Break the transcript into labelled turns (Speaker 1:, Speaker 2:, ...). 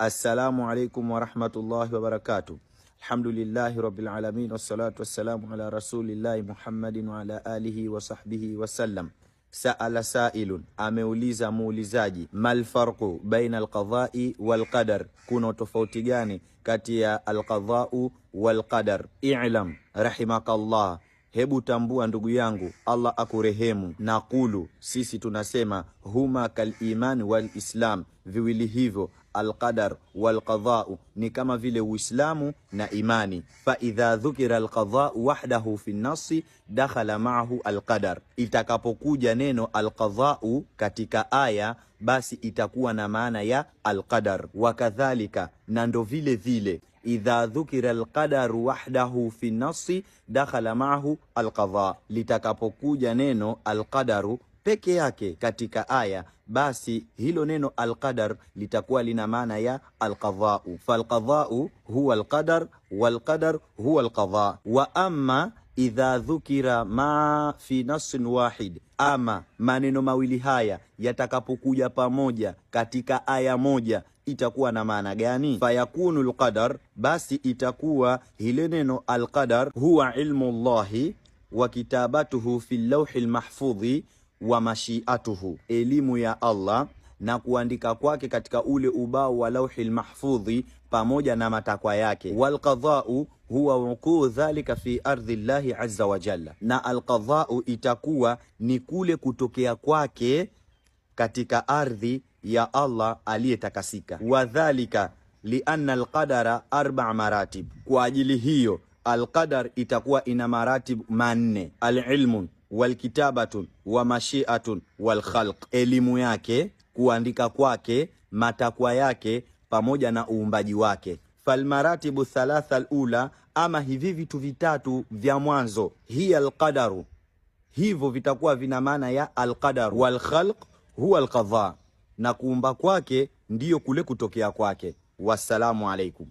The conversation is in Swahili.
Speaker 1: Assalamu alaikum warahmatullahi wabarakatuh. Alhamdulillahi rabbil alamin wassalatu wassalamu ala rasulillahi Muhammadin wa ala alihi wa sahbihi wasallam. Saala sailun, ameuliza muulizaji, mal malfarqu baina alqadai walqadar, kuna utofauti gani kati ya alqadau walqadar? Ilam rahimakallah Hebu tambua ndugu yangu, Allah akurehemu. Naqulu, sisi tunasema huma kal iman wal islam, viwili hivyo alqadar walqadhau ni kama vile Uislamu na imani. idha dhukira alqadhau wahdahu fi nasi dakhala maahu alqadar, itakapokuja neno alqadhau katika aya basi itakuwa na maana ya alqadar. Wakadhalika, na ndo vile vile idha dhukira alqadar wahdahu fi nasi dakhala maahu alqadha, litakapokuja neno alqadaru peke yake katika aya, basi hilo neno alqadar litakuwa lina maana ya alqadhau. Falqadhau huwa alqadar walqadar huwa alqadha. Wa amma idha dhukira ma fi nasin wahid, ama maneno mawili haya yatakapokuja pamoja katika aya moja itakuwa na maana gani? Fayakunu alqadar, basi itakuwa hile neno alqadar huwa ilmu llahi wa kitabatuhu fi llauhi lmahfudhi wa mashiatuhu, elimu ya Allah na kuandika kwake katika ule ubao wa lauhi lmahfudhi pamoja na matakwa yake. Walqadhau huwa wuquu dhalika fi ardhi llahi azza wa jalla, na alqadhau itakuwa ni kule kutokea kwake katika ardhi ya Allah aliyetakasika. Wadhalika lianna alqadara arba maratib, kwa ajili hiyo alqadar itakuwa ina maratib manne: alilmu walkitabatun wa mashiatun walkhalq, elimu yake kuandika kwake matakwa yake pamoja na uumbaji wake. Falmaratibu thalatha alula, ama hivi vitu vitatu vya mwanzo, hiya alqadaru, hivyo vitakuwa vina maana ya alqadar. Walkhalq huwa alqadha, na kuumba kwake ndiyo kule kutokea kwake. Wassalamu alaikum.